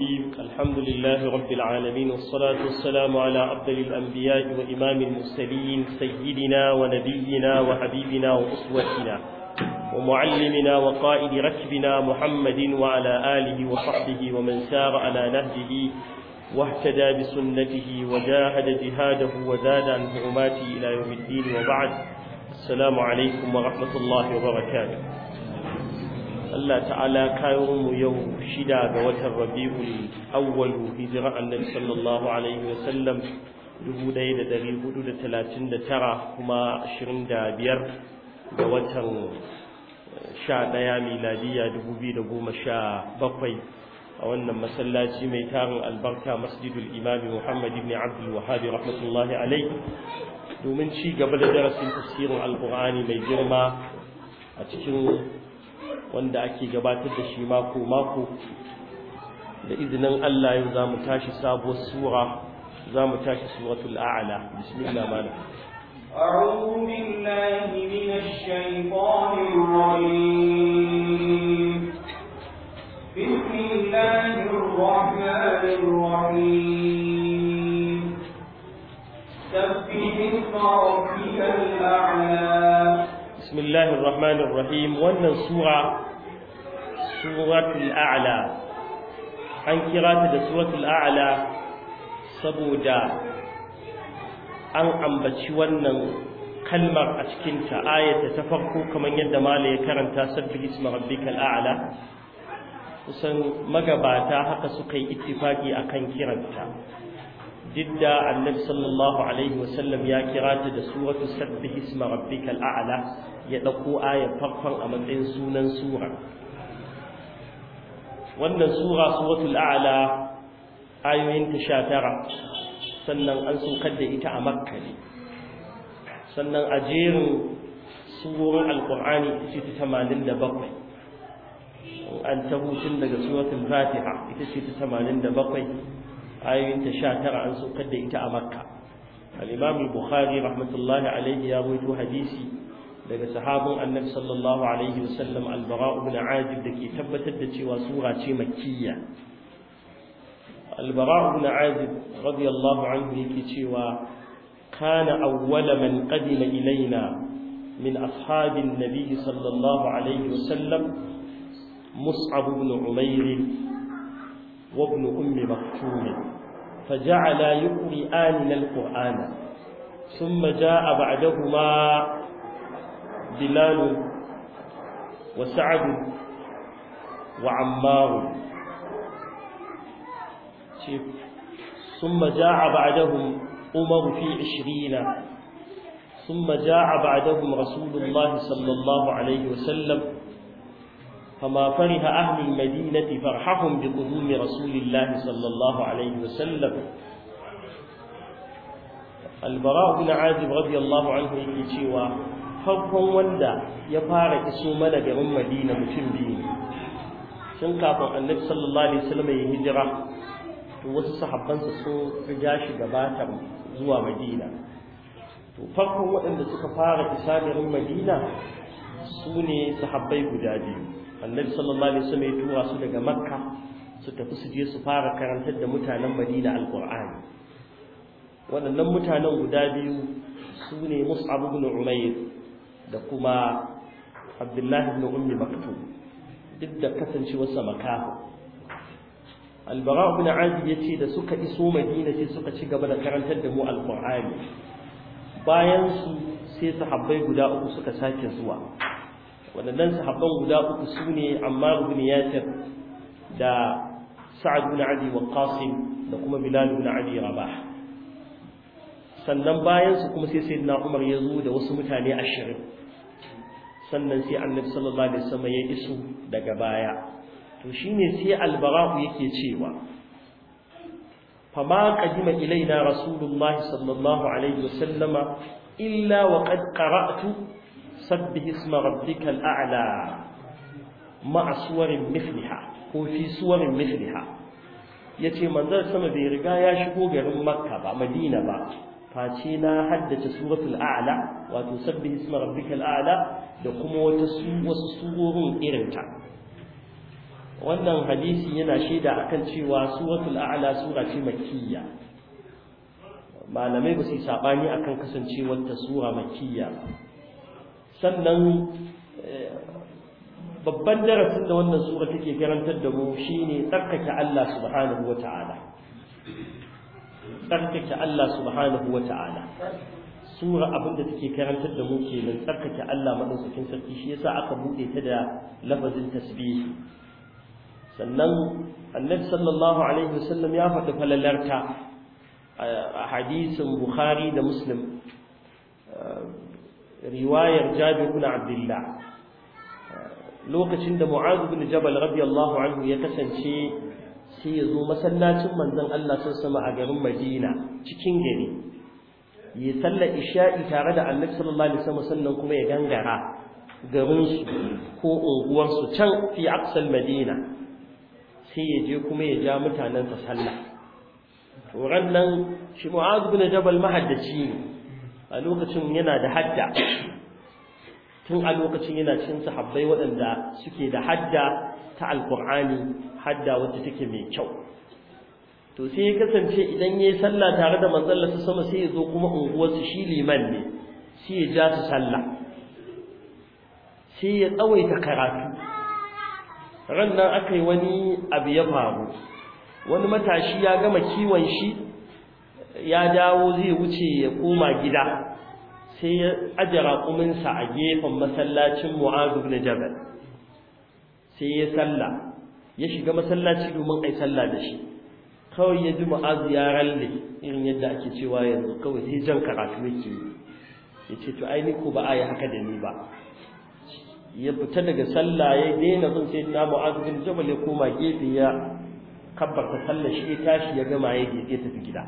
الرجيم الحمد لله رب العالمين والصلاة والسلام على أفضل الأنبياء وإمام المرسلين سيدنا ونبينا وحبيبنا وأسوتنا ومعلمنا وقائد ركبنا محمد وعلى آله وصحبه ومن سار على نهجه واهتدى بسنته وجاهد جهاده وزاد عن حرماته إلى يوم الدين وبعد السلام عليكم ورحمة الله وبركاته Allah ta'ala kayo mu yau shida ga watan Rabiul Awwal hijira Annabi sallallahu alaihi wa sallam 1439 kuma 25 ga watan 11 eh, miladiya 2017 a wannan masallaci mai tarin albarka Masjidul Imam Muhammad ibn Abdul Wahhab rahmatullahi alaihi domin ci gaba da darasin tafsirin Alqur'ani mai girma a cikin wanda ake gabatar da shi mako mako da izinin Allah yau zamu tashi sabuwar sura zamu tashi suratul a'la bismillah mana أعوذ بالله من الشيطان الرجيم بسم الله الرحمن الرحيم سبح اسم ربك الأعلى بسم الله الرحمن wannan sura suratul a'la an kira ta da suratul a'la saboda an ambaci wannan kalmar a cikin ta ta farko kamar yadda mala ya karanta sabbi isma rabbikal a'la kusan magabata haka suka yi ittifaki akan kiranta duk da annabi sallallahu alaihi wasallam ya kira ta da suratu sabbih isma rabbikal a'la ya dauko ayar farkon a matsayin sunan sura wannan sura suratul a'la ayoyin ta sha tara, sannan an sukar da ita a makka ne sannan a jerin surorin alqur'ani ita ce ta da bakwai. an tabutun daga suratul fatiha ita ce ta da bakwai. ayoyinta sha tara an saukar da ita a makka al-imam al-bukhari rahmatullahi alayhi ya rawaito hadisi daga sahabin annabi sallallahu alaihi wasallam al-bara ibn azib dake tabbatar da cewa sura ce makkiyya al-bara ibn azib radiyallahu anhu yake cewa kana awwala man qadima ilaina min ashabin nabi sallallahu alaihi wasallam mus'ab ibn umayr wa ibn ummi maktum فجعلا يقرئاننا القرآن ثم جاء بعدهما بلال وسعد وعمار ثم جاء بعدهم عمر في عشرين ثم جاء بعدهم رسول الله صلى الله عليه وسلم فما فرح أهل المدينة فرحهم بقدوم رسول الله صلى الله عليه وسلم البراء بن عازب رضي الله عنه يقول farkon wanda ya fara iso mana garin Madina mutum biyu tun kafin Annabi sallallahu alaihi wasallam ya hijira to wasu sahabbansa sun riga shi gabata zuwa Madina to farkon waɗanda suka fara isa garin Madina su ne sahabbai guda biyu annabi sallallahu alaihi wasallam ya tura su daga makka su tafi su je su fara karantar da mutanen madina alqur'ani waɗannan mutanen guda biyu su ne mus'ab ibn umayr da kuma abdullahi ibn ummi maktum duk da kasancewarsa makaho albara ibn azib ce da suka iso madina sai suka ci gaba da karantar da mu alqur'ani bayan su sai sahabbai guda uku suka sake zuwa waɗannan sahabban guda uku su ne amma ibn yasir da sa'ad ibn abi waqqas da kuma bilal ibn abi rabah sannan bayan su kuma sai sayyidina umar ya zo da wasu mutane ashirin sannan sai annabi sallallahu alaihi wasallam ya isu daga baya to shine sai albara'u yake cewa fama qadima ilaina rasulullahi sallallahu alaihi wasallama illa wa qad sabbih isma rabbikal a'la ma'a suwarin ko fi suwarin mithliha yace manzon sama bai riga ya shigo garin makka ba madina ba face na haddace suratul a'la wato sabbih isma rabbikal a'la da kuma wata wasu irinta wannan hadisi yana shaida akan cewa suratul a'la sura ce makkiya malamai ba su sabani akan kasancewar ta sura makkiya sannan eh, babban darasin da wannan sura take karantar da mu shine tsarkake Allah subhanahu wata'ala tsarkake Allah subhanahu wata'ala sura abin da take karantar da mu kenan tsarkake Allah madaukakin sarki shi yasa aka bude ta da lafazin tasbih sannan annabi sallallahu alaihi wasallam ya faɗi falalarta eh, a hadisin bukhari da muslim eh, riwayar Jabir ibn Abdullah lokacin da mu'az ibn Jabal radiyallahu anhu ya kasance sai ya zo masallacin manzon Allah sallallahu alaihi a garin Madina cikin gari ya sallar isha'i tare da Annabi sallallahu alaihi wasallam sannan kuma ya gangara garin su ko unguwar su can fi aqsal Madina sai ya je kuma ya ja mutanen sa sallah to ran nan shi mu'az ibn Jabal mahaddaci ne a lokacin yana da hadda tun a lokacin yana cikin sahabbai waɗanda suke da hadda ta alkur'ani hadda wacce take mai kyau to sai ya kasance idan yayi sallah tare da manzon sama sai ya zo kuma unguwarsu shi liman ne sai ya ja su sallah sai ya tsawaita karatu ran nan yi wani abu ya faru wani matashi ya gama kiwon shi ya dawo zai wuce ya koma gida sai ya aje raƙuminsa a gefen masallacin mu'adu na jabal sai ya salla ya shiga masallaci domin a yi salla da shi kawai ya ji mu'adu ya ralle irin yadda ake cewa yanzu kawai sai jan karatu yake ya ce to ai ni ko ba a yi haka da ni ba ya fita daga salla ya daina bin sai na muazu bin jabal ya koma gefe ya kabbarta sallar shi ya tashi ya gama ya tafi gida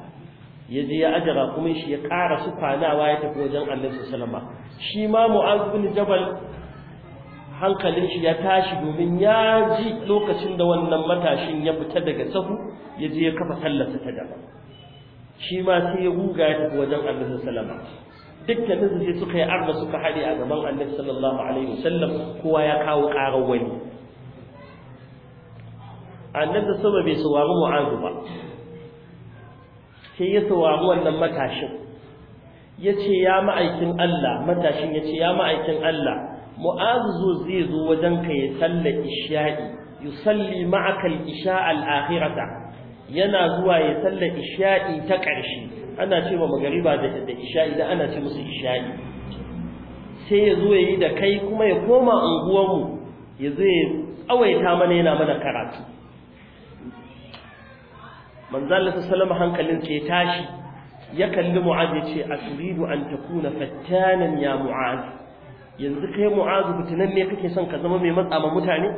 ya je ya ajira kuma shi ya ƙara su kwanawa ya tafi wajen annabi sallama shi ma mu'az bin jabal hankalin shi ya tashi domin ya ji lokacin da wannan matashin ya fita daga sahu ya je ya kafa sallarsa ta daban shi ma sai ya guga ya tafi wajen annabi sallama dukkanin su sai suka yi arba suka haɗe a gaban annabi sallallahu alaihi wasallam kowa ya kawo ƙarar wani annabi sallama bai saurari mu'azu ba sai ya saurari wannan matashin ya ce ya ma'aikin Allah matashin ya ce ya ma'aikin Allah mu'azu zo zai zo wajen ka ya salla isha'i yusalli ma'aka al-isha al yana zuwa ya salla isha'i ta ƙarshe ana ce wa magariba da isha'i da ana ce musu isha'i sai ya zo ya yi da kai kuma ya koma unguwarmu ya zo ya tsawaita mana yana mana karatu manzo Allah sallallahu hankalin sa ya tashi ya kalli mu'az ce a turidu an ta takuna fattanan ya mu'az yanzu ka yi mu'az fitinan ne kake son ka zama mai matsa ma mutane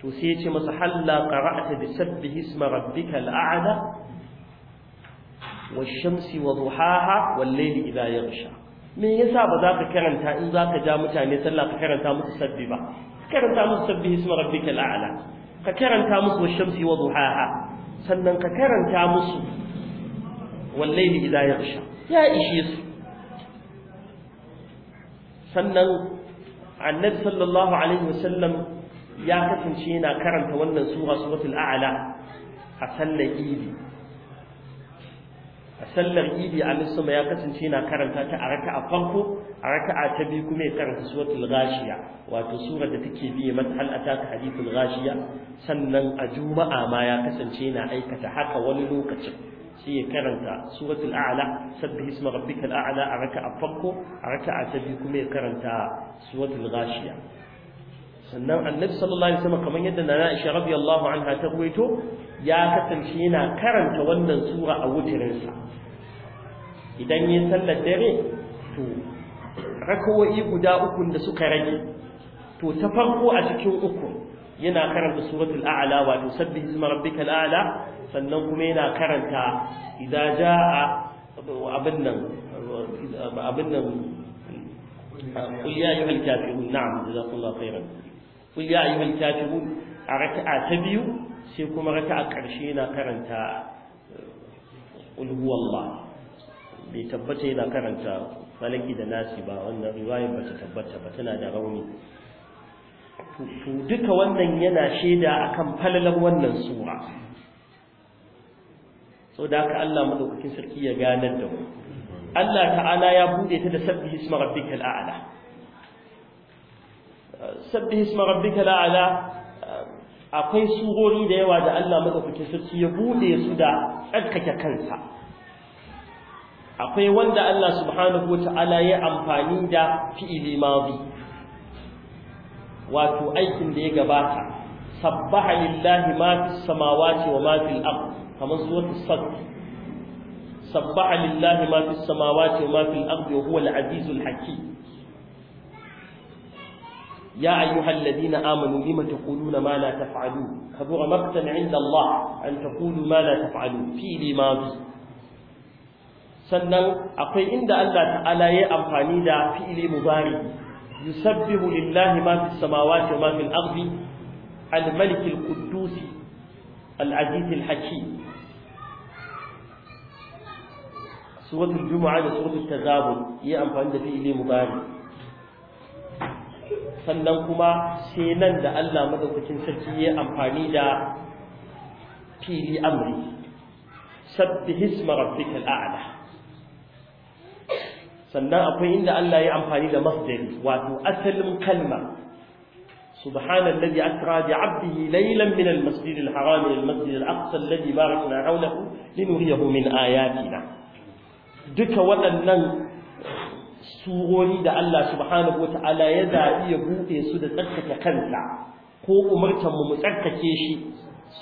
to sai ya ce masa halla qara'ta bi sabbihi isma rabbika al'a'la wa shamsi wa duhaha wal-layli idha yaghsha me yasa ba za ka karanta in za ka ja mutane sallah ka karanta musu sabbi ba karanta musu sabbihi isma rabbika al'a'la ka karanta musu wash-shamsi wa duhaha sannan ka karanta musu wallahi idza yaghsha ya ishe su sannan annabi sallallahu alaihi wasallam ya kasance yana karanta wannan sura suratul a'la a sallar idi sallar idi a sama ya kasance na karanta ta a raka'a farko a raka'a ta biyu kuma ya karanta suratul ghashiya wato surar da take biye mata hal ataka hadithul ghashiya sannan a juma'a ma ya kasance na aikata haka wani lokacin sai ya karanta suratul a'la sabbih isma rabbikal a'la a raka'a farko a raka'a ta biyu kuma ya karanta suratul ghashiya sannan annabi sallallahu alaihi wasallam kamar yadda nana Aisha radiyallahu anha ta ruwaito ya kasance yana karanta wannan sura a wutirinsa idan yin sallar dare to rakawoyi guda uku da suka rage to ta farko a cikin uku yana karanta suratul a'la wato sabbih isma rabbikal a'la sannan kuma yana karanta idza jaa abin nan abin nan qul ya ayyuhal kafirun na'am jazakumullahu khairan kul ya ayyuhal kafirun a raka'a ta biyu sai kuma raka'a karshe yana karanta eh, qul huwallah bai tabbata yana karanta falaki da nasi ba wannan riwaya ba ta tabbata ba tana da rauni to duka wannan yana shaida akan falalar wannan sura Sau da haka Allah madaukakin sarki ya ganar da mu Allah ta'ala ya bude ta da sabbi isma rabbikal a'la sabbi isma rabbika la'ala eh, akwai surori da yawa da Allah madaukakin sarki ya bude su da tsarkake kansa akwai wanda Allah subhanahu wata'ala ya amfani da fi'ili madi wato aikin da ya gabata sabbaha lillahi ma fi samawati wa ma fil ardh kamar suratul sabt sabbaha lillahi ma fi samawati wa ma fil ardh wa huwa al-azizul hakim يا أيها الذين آمنوا لم تقولون ما لا تفعلون كبر مقتا عند الله أن تقولوا ما لا تفعلون في لماضي sannan akwai inda Allah ta'ala ya amfani da fi'ili mubari yusabbihu lillahi ma fis samawati wa ma fil ardi al-malik al-quddus al-aziz al-hakim suratul da suratul tazabun ya amfani da fi'ili mubari sannan kuma sai nan da Allah madaukakin sarki ya amfani da fili amri sabbi hisma rabbikal a'la sannan akwai inda Allah ya amfani da masdari wato asalin kalma subhanallazi asra bi 'abdihi laylan min al-masjid al-haram ila al-masjid al-aqsa alladhi barakna hawlahu linuriyahu min ayatina duka waɗannan surori da Allah subhanahu ta'ala ya zabi ya bude su da tsarkake kansa ko umurtan mu tsarkake shi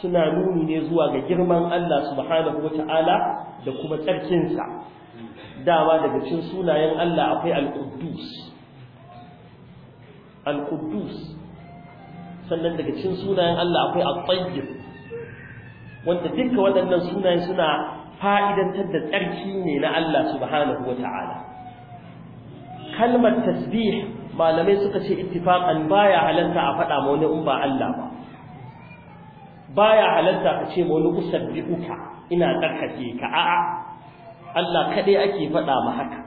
suna nuni ne zuwa ga girman Allah subhanahu ta'ala da kuma tsarkin sa ba daga cikin sunayen Allah akwai al-Quddus al-Quddus sannan daga cikin sunayen Allah akwai at-Tayyib wanda duka waɗannan sunayen suna fa'idantar da tsarki ne na Allah subhanahu ta'ala kalmar tasbih malamai suka ce ittifaqan baya halatta a faɗa ma wani in ba Allah ba baya halatta ka ce ma wani usabbihuka ina tsarkake ka a'a Allah kadai ake faɗa ma haka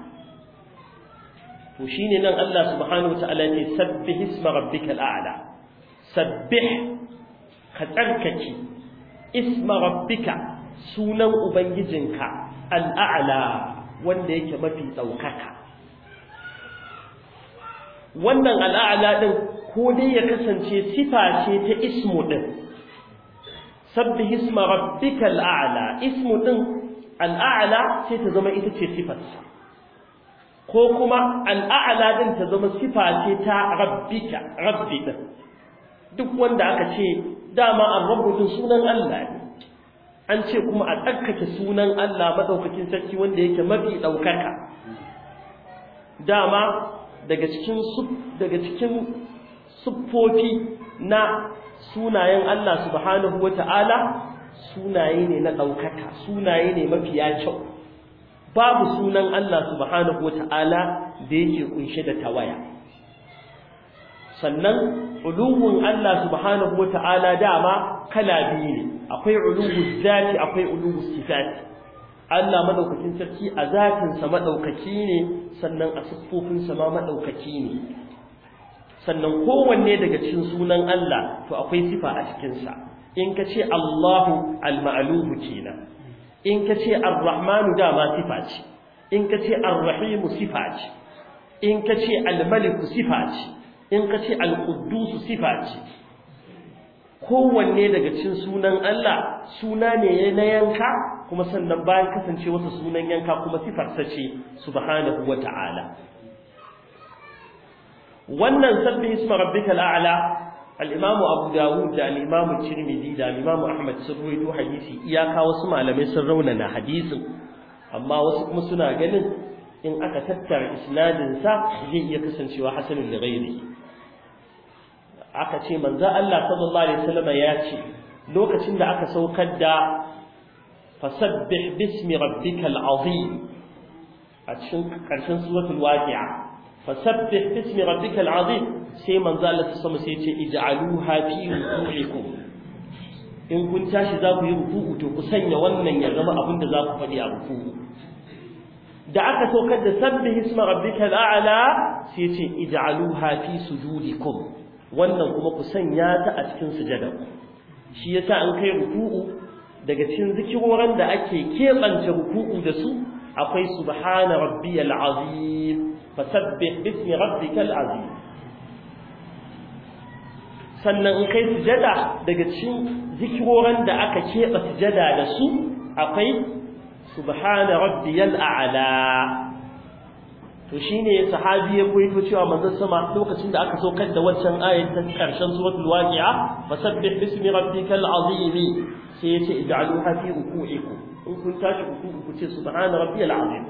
to shine nan Allah subhanahu wataala ne sabbih isma rabbikal a'la sabbih ka tsarkake isma rabbika sunan ubangijinka al'a'la wanda yake mafi ɗaukaka wannan al'a'la ɗin ko dai ya kasance sifa ce ta ismu ɗin sabbi hisma rabbika al'a'la ismu ɗin al'a'la sai ta zama ita ce sifarsa ko kuma al'a'la ɗin ta zama sifa ce ta rabbika rabbi ɗin duk wanda aka ce dama an rabbu sunan Allah ne an ce kuma a tsarkake sunan Allah madaukakin sarki wanda yake mafi ɗaukaka dama daga cikin daga cikin siffofi na sunayen Allah subhanahu wata'ala sunaye ne na ɗaukaka sunaye ne mafiya kyau babu sunan Allah subhanahu wata'ala da yake kunshe da tawaya sannan uluwun Allah subhanahu wata'ala dama kala biyu ne akwai uluwuz zati akwai uluwuz sifati Allah madaukakin sarki a zatinsa madaukaki ne sannan a siffofinsa ma madaukaki ne sannan kowanne daga cikin sunan Allah to akwai sifa a cikinsa in ka ce Allahu al-ma'luhu kenan in ka ce ar-rahmanu dama sifa ce in ka ce ar-rahimu sifa ce in ka ce al-maliku sifa ce in ka ce al-quddus sifa ce kowanne daga cikin sunan Allah suna ne na yanka kuma sannan bayan kasance wasu sunan yanka kuma sifarsa ce subhanahu wa ta'ala wannan sabbin isma rabbikal a'la al-imam abu dawud da al-imam tirmidhi da al-imam ahmad sun ruwaito hadisi iyaka wasu malamai sun raunana hadisin amma wasu kuma suna ganin in aka tattara isnadin sa zai iya kasancewa hasanun da ghairi aka ce manzo Allah sallallahu alaihi wasallam ya ce lokacin da aka saukar da fasabbih bismi rabbikal azim a cikin karshen suratul waqi'a fasabbih bismi rabbikal azim sai manzo Allah ta sama sai ya ce ij'aluha fi ruku'ikum in kun tashi za ku yi ruku'u to ku sanya wannan ya zama abin da za ku faɗi a ruku'u da aka saukar da sabbih isma rabbikal a'la sai ya ce ij'aluha fi sujudikum wannan kuma ku sanya ta a cikin sujada shi yasa an kai ruku'u daga cikin zikiroran da ake keɓance ruku'u da su akwai subhana rabbiyal azim fasabbih bismi rabbikal azim sannan in kai sujada daga cikin zikiroran da aka keɓa sujada da su akwai subhana rabbi a'la to shine sahabi ya koyi cewa manzon sama lokacin da aka saukar da waccan ayat ta karshen suratul waqi'a fasabbih bismi rabbikal azim sai ya ce ij'aluha fi ruku'ikum in kun tashi ruku'u ku ce subhana rabbiyal azim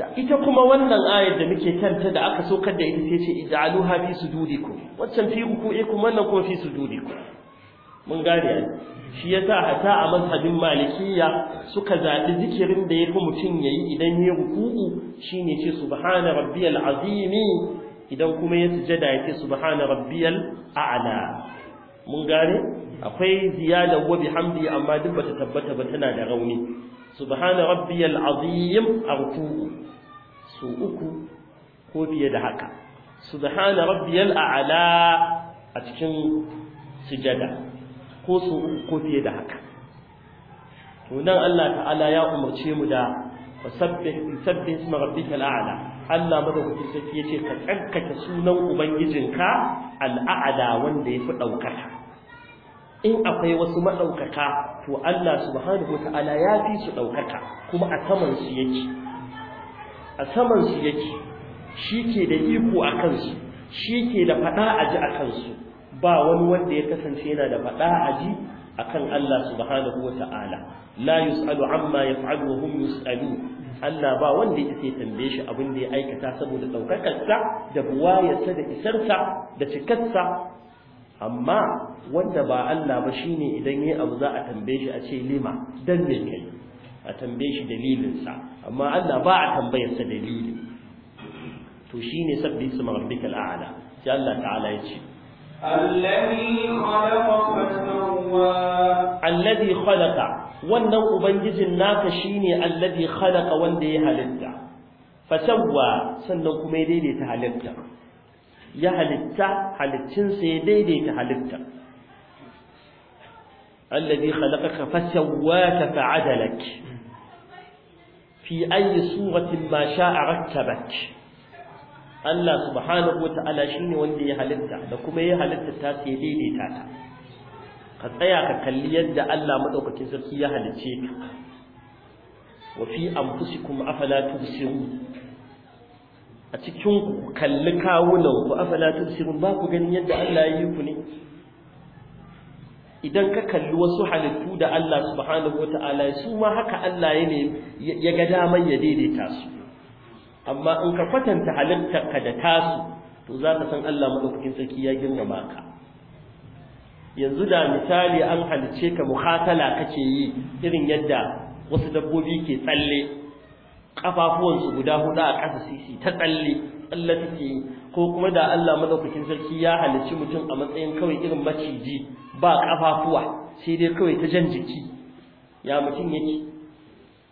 da ita kuma wannan ayar da muke kanta da aka sokar da ita sai ce ij'aluha fi sujudikum waccan fi ruku'ikum wannan kuma fi sujudikum mun gane shi yasa hata a mazhabin malikiya suka zaɓi zikirin da ya fi mutum ya yi idan ya yi ruku'u shine ce subhana rabbiyal azim idan kuma ya sujada ya ce subhana rabbiyal a'la mun gane akwai ziyada wa bihamdi amma duk bata tabbata ba tana da rauni subhana rabbiyal azim arku su uku ko fiye da haka subhana rabbiyal a'la a cikin sujada ko su uku ko fiye da haka to nan Allah ta'ala ya umarce mu da fasabbih bisabbih isma rabbikal a'la Allah madaukakin sarki yace ka tsarkake sunan ubangijinka al'a'la wanda yafi daukaka in akwai wasu maɗaukaka to Allah subhanahu wata'ala ya fi su ɗaukaka kuma a saman su yake a saman su yake shi ke da iko a kansu shi ke da faɗa a ji a kansu ba wani wanda ya kasance yana da faɗa a ji a kan Allah subhanahu wata'ala la yus'alu amma yaf'alu wa hum yus'alu Allah ba wanda ya tambaye shi abin da ya aikata saboda ɗaukakarsa da buwayarsa da isarsa da cikarsa amma wanda ba Allah ba shine idan yayi abu za a tambaye shi a ce lima dan me kai a tambaye shi dalilin sa amma Allah ba a tambayar sa dalili to shine sabbi isma rabbikal a'la sai Allah ta'ala ya ce الذي خلق فسوى الذي wannan ubangijin naka shine Alladi khalaqa wanda ya halitta fasawwa sannan kuma ya daidaita halitta ya halitta halittinsa ya daidaita halitta alladhi khalaqaka fasawwaka fa'adalak fi ayi suratin ma sha'a rakkabak Allah subhanahu wa ta'ala shine wanda ya halitta da kuma ya halitta ta sai daidaita ta ka tsaya ka kalli yadda Allah madaukakin sarki ya halicce ka wa fi anfusikum afala tubsirun a cikin ku kalli kawunan ku afala tusirun ba ku ganin yadda Allah ya yi ku ne idan ka kalli wasu halittu da Allah subhanahu wata'ala su ma haka Allah ya ne ya ga daman ya daidaita su amma in ka kwatanta halittar ka da tasu to za ka san Allah madaukakin sarki ya girmama ka yanzu da misali an halice ka muhatala kake yi irin yadda wasu dabbobi ke tsalle kafafuwansu guda hudu a ƙasa sisi ta tsalle tsalle take ko kuma da Allah madaukakin sarki ya halicci mutum a matsayin kawai irin maciji ba kafafuwa sai dai kawai ta jan jiki ya mutum yake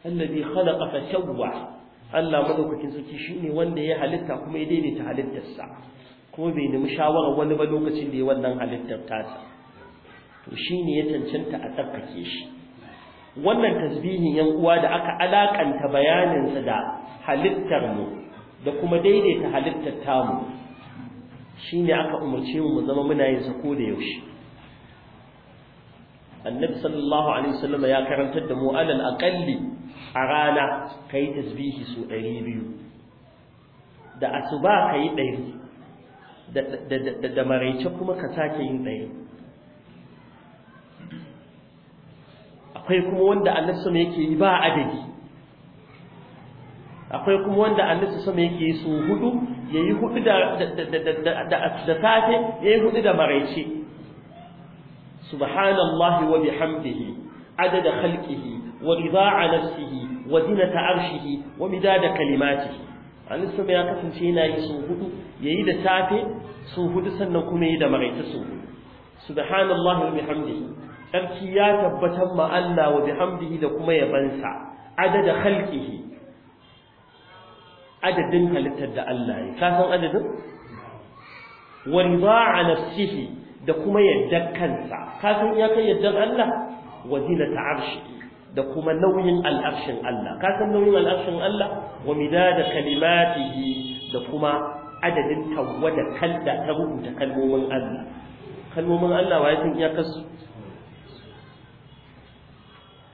allazi khalaqa fa sawwa Allah madaukakin sarki shine wanda ya halitta kuma ya daina daidaita halittarsa kuma bai nemi shawara wani ba lokacin da ya wannan halittar tasa to shine ya cancanta a tsarkake shi wannan tasbihin yan uwa da aka alakanta bayaninsa da halittar mu da kuma daidaita halittar tamu shine aka umarce mu mu zama muna yin sa ko da yaushe annabi sallallahu alaihi wasallam ya karantar da mu alal aqalli a rana kai tasbihi su 200 da asuba kai 100 da da da maraice kuma ka sake yin 100 akwai kuma wanda annabi sama yake yi ba adadi akwai kuma wanda annabi sama yake yi su hudu yayi hudu da da safe yayi hudu da maraice subhanallahi wa bihamdihi adada khalqihi wa rida'a nafsihi wa zinata arshihi wa midada kalimatihi annabi sama ya kasance yana yi su hudu yayi da safe su hudu sannan kuma yayi da maraice su hudu subhanallahi wa bihamdihi tsarki ya tabbatar ma Allah wa bihamdihi da kuma yabansa adada khalqihi adadin halittar da Allah ya ka san adadin wa rida'a nafsihi da kuma yadda kansa ka san ya kai yaddan Allah wa zinata arshi da kuma nauyin al'arshin Allah ka san nauyin al'arshin Allah wa midada kalimatihi da kuma adadin tawwada kalla ta rubuta kalmomin Allah kalmomin Allah wa ya san iyakarsu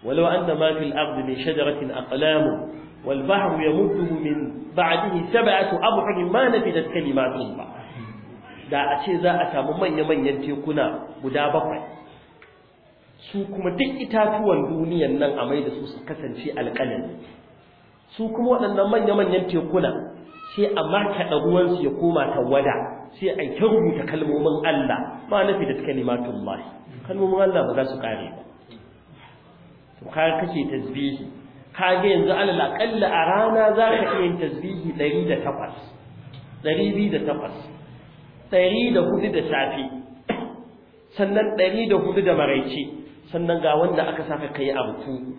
ولو أن ما في الأرض من شجرة أقلام والبحر يمده من بعده سبعة أبحر ما نفدت كلمات الله da a ce za a samu manya-manyan tekuna guda bakwai su kuma duk itatuwan duniyan nan a da su su kasance alƙalin su kuma waɗannan manya-manyan tekuna sai a markaɗa ruwansu ya koma tawada sai a yi rubuta kalmomin Allah ma nafi da kalimatun Allah kalmomin Allah ba za su ƙare ba ka kace tasbihi ka ga yanzu alal aqalla a rana zaka ka iya yin tasbihi 108 208 104 da safi sannan 104 da maraice sannan ga wanda aka saka kai abu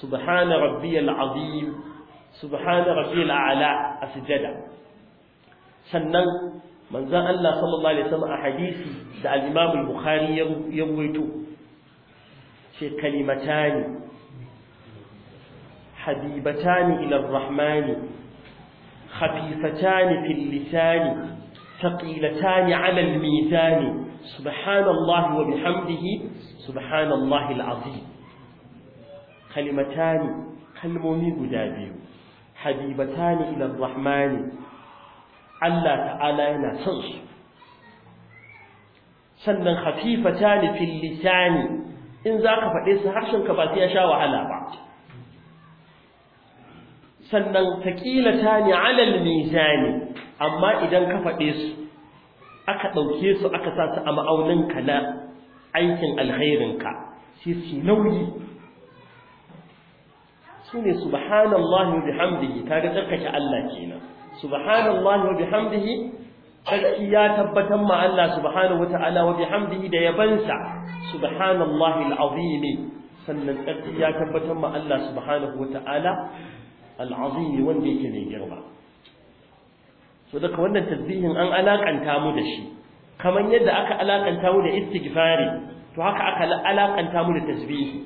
subhana rabbiyal azim subhana a sujada sannan manzon Allah sallallahu alaihi wasallam a hadisi da al-Imam al-Bukhari ya ruwaito ce kalimatani habibatani ila rahmani khafifatani fil lisani thaqilatani ala al mizani subhanallahi wa bihamdihi subhanallahi al azim kalimatani kalmomi guda biyu habibatani ila rahmani Allah ta'ala yana son su sannan khafifatani fil lisani in za ka faɗe su harshen ka ba su ya sha wahala ba sannan taƙila ta ne alal mizani amma idan ka faɗe su aka ɗauke su aka sa su a ma'auninka na aikin alherinka, sai su nauyi su ne subhanallahi wa bihamdihi kaga tsarkake Allah kenan subhanallahi wa bihamdihi sarki ya tabbatar ma Allah subhanahu wata'ala wa bihamdihi da yabansa subhanallahi alazim sannan sarki ya tabbatar ma Allah subhanahu wata'ala alazim wanda yake mai girma so daga wannan tasbihin an alakanta mu da shi kamar yadda aka alakanta mu da istighfari to haka aka alakanta mu da tasbihi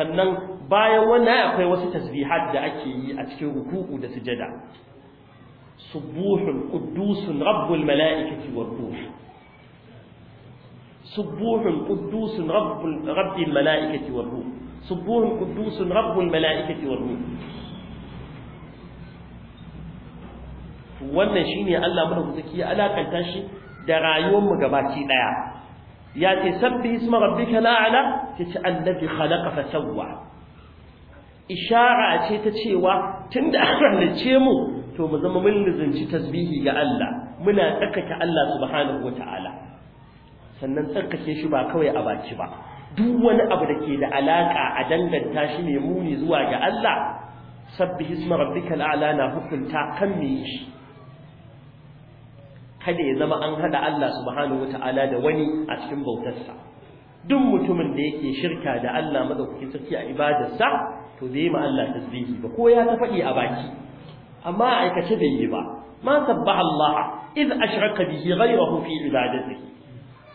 sannan bayan wannan akwai wasu tasbihat da ake yi a cikin ruku'u da sujada سبوح قدوس رب الملائكة والروح سبوح قدوس رب رب الملائكة والروح سبوح قدوس رب الملائكة والروح wannan shine Allah madaukaki ya alakanta shi da rayuwar mu gabaki daya ya ce sabbi isma rabbika la'ala ta ce allazi khalaqa fa sawwa ishara ce ta cewa tunda halice mu to mu zama mun nuzunci tasbihi ga Allah muna tsarkake Allah subhanahu wata'ala sannan tsarkake shi ba kawai a baki ba duk wani abu da ke da alaka a danganta shi ne muni zuwa ga Allah sabbi isma rabbikal a'la na hukunta kan me shi kada ya zama an hada Allah subhanahu wata'ala da wani a cikin bautarsa duk mutumin da yake shirka da Allah madaukakin sarki a ibadarsa to zai yi ma Allah tasbihi ba ko ya ta faɗi a baki amma aikace bai yi ba ma sabbaha Allah iz ashraka bihi ghayrahu fi ibadatihi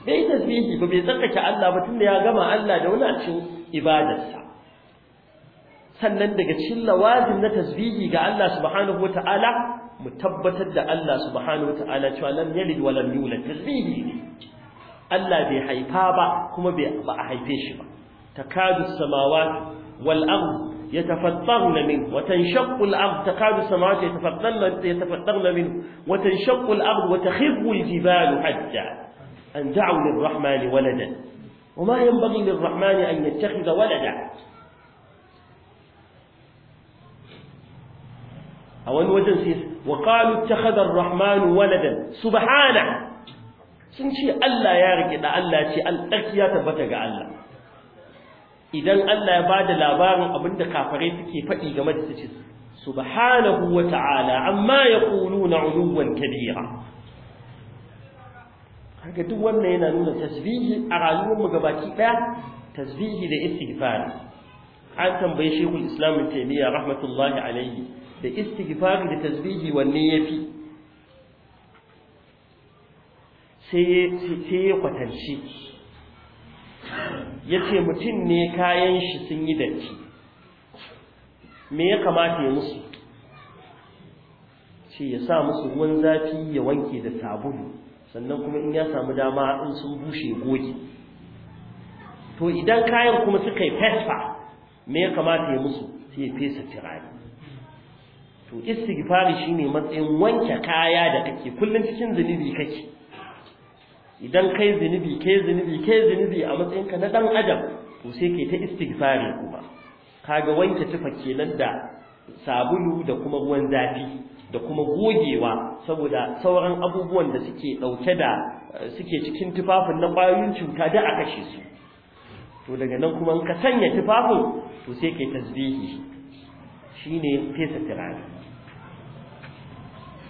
bai tasbihi ba bai tsarkake Allah ba tunda ya gama Allah da wani a cikin ibadarsa sannan daga cikin lawazin na tasbihi ga Allah subhanahu wata'ala mu tabbatar da Allah subhanahu wata'ala cewa lam yalid wa lam yulad tasbihi ne Allah bai haifa ba kuma bai ba a haife shi ba takadu samawati wal ardh يتفطرن منه وتنشق الأرض تقال السماوات يتفطرن, يتفطرن منه وتنشق الأرض وتخف الجبال حتى أن دعوا للرحمن ولدا وما ينبغي للرحمن أن يتخذ ولدا أو أن وقالوا اتخذ الرحمن ولدا سبحانه سنشي ce Allah ya ألا شيء ألا ce alƙarki ya ألا idan Allah ya bada labarin abinda kafirai suke faɗi game da su subhanahu wa ta'ala amma na uluwan kabira kaga duk wannan yana nuna tasbihi a rayuwarmu gabaki ɗaya, tasbihi da istighfar an tambaye shehu islam ibn taymiya rahmatullahi alaihi da istighfar da tasbihi wanne yafi sai ya kwatance. Ya ce mutum ne kayan shi sun yi datti me ya kamata ya musu ce ya sa musu ruwan zafi ya wanke da sabulu sannan kuma in ya samu dama in sun bushe goge to idan kayan kuma suka yi fesfa me ya kamata ya musu sai ya fesa tirani to istighfari shine matsayin wanke kaya da kake Kullum cikin zunubi kake idan kai zunubi kai zunubi kai zunubi a matsayinka na dan adam to sai kai ta istighfari kuma kaga wanke tufa kenan da sabulu da kuma ruwan zafi da kuma gogewa saboda sauran abubuwan da suke dauke da suke cikin tufafin nan bayoyin cuta da aka kashe su to daga nan kuma ka sanya tufafin to sai kai tasbihi shine fesa tirani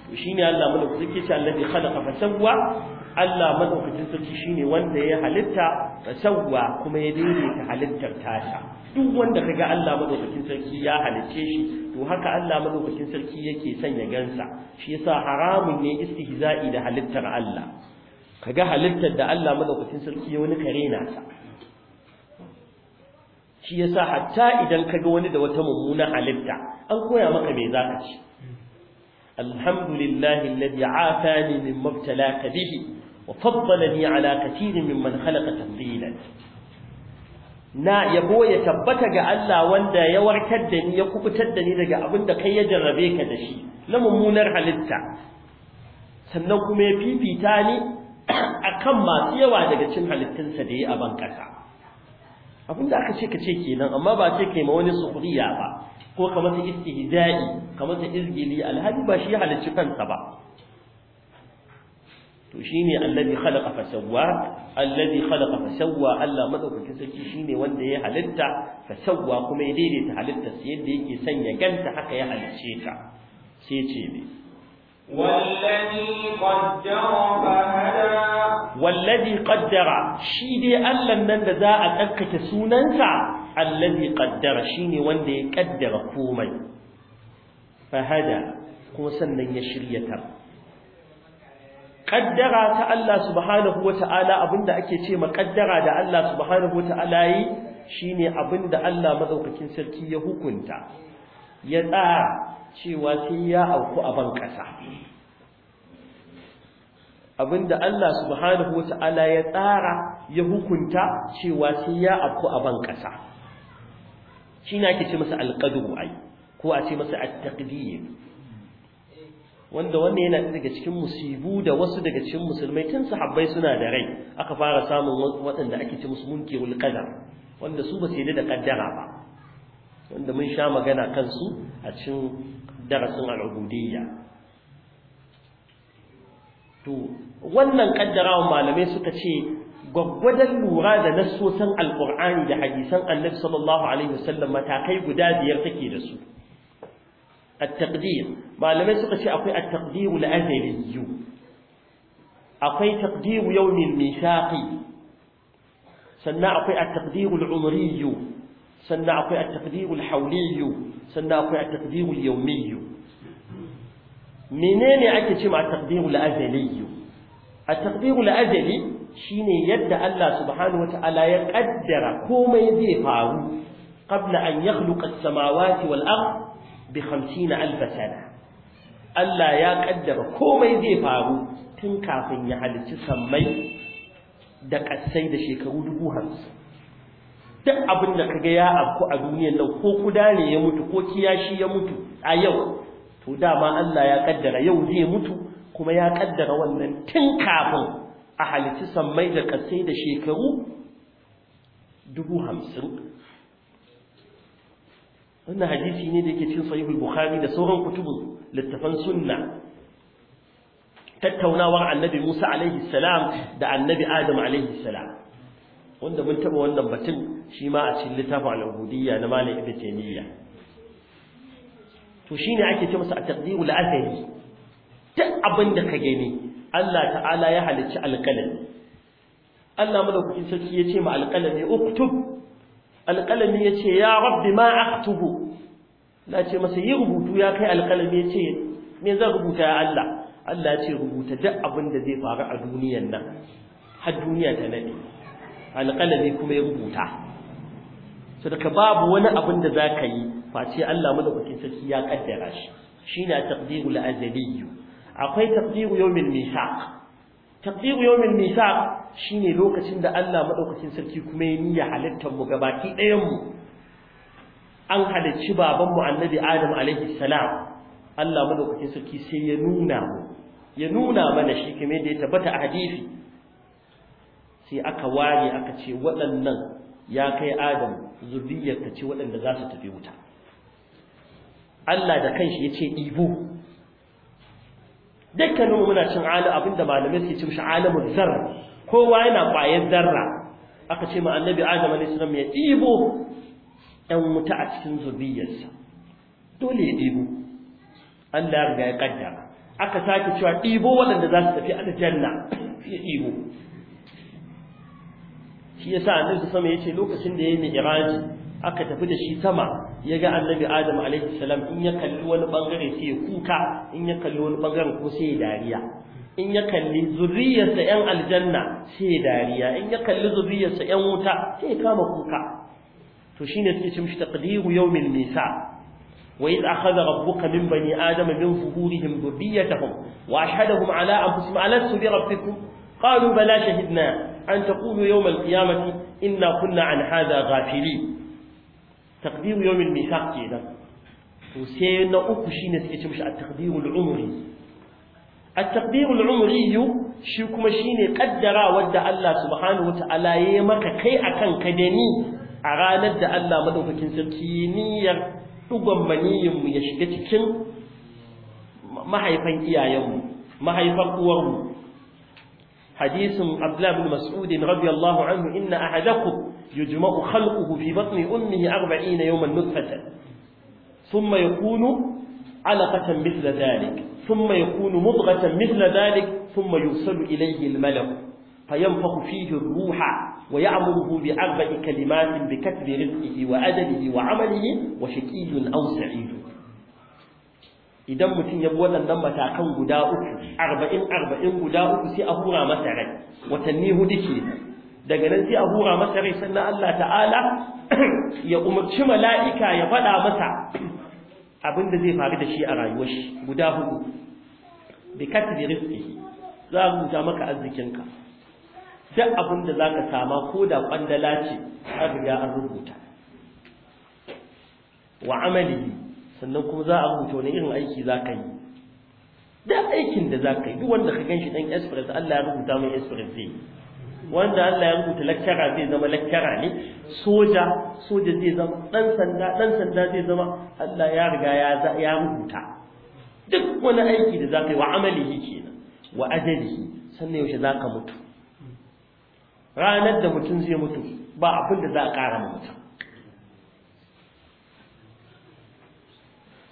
to shine Allah mulku yake ce Allah bi khalaqa fasawwa Allah madaukakin sarki shine wanda ya halitta tasawwa kuma ya ta halittar tasa duk wanda kaga Allah madaukakin sarki ya halicce shi to haka Allah madaukakin sarki yake son ya gansa shi yasa haramun ne istihza'i da halittar Allah kaga halittar da Allah madaukakin sarki wani kare na ta shi yasa hatta idan kaga wani da wata mummuna halitta an koya maka me zaka ci alhamdulillahi alladhi afani mimma ibtalaka bihi وفضلني على كثير ممن خلق تفضيلا na yabo ya tabbata ga Allah wanda ya warkar da ni ya kubutar da ni daga abin da kai ya jarrabe ka da shi na mummunar halitta sannan kuma ya fifita ni akan masu yawa daga cin halittunsa da ya a ban kasa abin da aka ce ka ce kenan amma ba ce kai ma wani sukhriya ba ko ka masa istihza'i ka masa izgili alhali ba shi halicci kansa ba to shine allazi khalaqa fasawwa allazi khalaqa fasawwa Allah madaukakin sarki shine wanda ya halitta fasawwa kuma ya daidaita halitta yadda yake sanya ganta haka ya halice ta sai ce ne wallazi qaddara wallazi qaddara shi dai Allah nan da za a tsarkake sunansa allazi qaddara shine wanda ya kaddara komai fahada kuma sannan ya shirya ta kaddara ta Allah subhanahu wata'ala abinda ake ce ma kaddara da Allah subhanahu wata'ala yi shine abinda Allah madaukakin sarki ya hukunta ya tsara cewa sai ya auku a ban kasa abinda Allah subhanahu wata'ala ya tsara ya hukunta cewa sai ya auku a ban kasa shine ake ce masa alqadru ai ko a ce masa at-taqdir wanda wannan yana daga cikin musibu da wasu daga cikin musulmai tun sahabbai suna da rai aka fara samun waɗanda ake ci musu munkirul qadar wanda su ba su yi da ƙaddara ba wanda mun sha magana kansu a cikin darasin al'ubudiyya to wannan kaddarawa malamai suka ce gwaggwadon lura da nasosan alqur'ani da hadisan annabi sallallahu alaihi wasallam matakai guda biyar take da su التقدير ما لم شيء أقوي التقدير الأزلي أقوي تقدير يوم الميثاق سنع أقوي التقدير العمري سنع أقوي التقدير الحولي سنع أقوي التقدير اليومي منين أكي شمع التقدير الأزلي التقدير الأزلي شين يد الله سبحانه وتعالى يقدر كوم يدي قبل أن يخلق السماوات والأرض bi alfasana, Allah ya kaddara komai zai faru tun kafin ya halicci sammai da ƙasai da shekaru dubu hamsin duk abin da kaga ya afku a duniyar nan ko kuda ne ya mutu ko kiyashi ya mutu a yau to dama Allah ya kaddara yau zai mutu kuma ya kaddara wannan tun kafin a halitta sammai da ƙasai da shekaru dubu hamsin wannan hadisi ne da yake cikin sahihul bukhari da sauran kutubu littafan sunna tattaunawar annabi Musa alaihi salam da annabi Adam alaihi salam wanda mun taba wannan batun shi ma a cikin littafin al na Malam Ibn Taymiyyah to shine ake ce masa at-taqdirul azali duk abin da ka gani Allah ta'ala ya halicci alqalami Allah madaukakin sarki ya ce ma alqalami uktub alqalami ya ce ya rabbi ma aktubu na ce masa yi rubutu ya kai alƙalami ya ce me zan rubuta ya Allah Allah ya ce rubuta duk abin da zai faru a duniyan nan har duniya ta nade alƙalami kuma ya rubuta saboda babu wani abin da zaka yi face Allah madaukakin sarki ya kaddara shi shine taqdirul azali akwai taqdiru yawmin misaq taqdiru yawmin misaq shine lokacin da Allah maɗaukakin sarki kuma ya niyya halittar mu gabaki ɗayan mu an halarci babanmu annabi adam alaihi salam Allah madaukakin sarki sai ya nuna ya nuna mana shi da ya tabbata a hadisi sai aka ware aka ce waɗannan ya kai adam zuriyarka ce waɗanda za su tafi wuta Allah da kanshi ya ce ibo dukkanin muna cin alam abinda malamai suke cin shi alamun zarra kowa yana ƙwayar zarra aka ce ma annabi adam alaihi salam ya ibo ɗan wuta a cikin zuriyarsa dole ya ɗibo Allah ya ya aka sake cewa ɗibo waɗanda za su tafi aljanna ya ɗibo shi ya yasa annabi sama ya ce lokacin da ya yi mai aka tafi da shi sama ya ga annabi adam alaihi salam in ya kalli wani bangare sai ya kuka in ya kalli wani bangare ko sai ya dariya in ya kalli zuriyarsa yan aljanna sai ya dariya in ya kalli zuriyarsa yan wuta sai ya kama kuka to shine take ce mishi taqdiru yawmil misa wa id akhadha rabbuka min bani adama min zuhurihim dhurriyyatahum wa ashhadahum ala anfusihim alastu bi rabbikum qalu bala shahidna an taqulu yawmal qiyamati inna kunna an hadha ghafilin taqdiru yawmil misa kenan to sai na uku shine take ce mishi at-taqdiru al-umri التقدير العمري شي كما شيني قدرا ود الله سبحانه وتعالى يمك كي اكن كدني a ranar da Allah madaukakin sarki niyyar dugon mu ya shiga cikin mahaifan iyayenmu mahaifan uwarmu hadisin Abdullah bin Mas'ud radiyallahu anhu inna ahadakum yujma'u khalquhu fi batni ummihi 40 yawman nutfatan thumma yakunu علقة مثل ذلك ثم يكون مضغة مثل ذلك ثم يوصل إليه الملك فينفخ فيه الروح ويأمره بأربع كلمات بكتب رزقه وأدبه وعمله وشقي أو سعيد idan mutum ya bi waɗannan matakan guda uku arba'in arba'in guda uku sai a hura masa rai watanni hudu ke daga nan sai a hura masa rai sannan Allah ta'ala ya umarci mala'ika ya faɗa masa abin da zai faru da shi a rayuwar shi guda hudu bi katbi rizqihi za a rubuta maka arzikinka duk abin da zaka sama ko da kwandala ce an riga an rubuta wa amali sannan kuma za a rubuta wani irin aiki za ka yi duk aikin da za ka yi duk wanda ka ganshi ɗan express Allah ya rubuta mai express zai wanda Allah ya rubuta lakkara zai zama lakkara ne soja soja zai zama dan sanda dan sanda zai zama Allah ya riga ya ya rubuta duk wani aiki da za ka yi wa amalihi kenan wa ajalihi sannan yaushe za ka mutu ranar da mutum zai mutu ba abin da za a ƙara mutum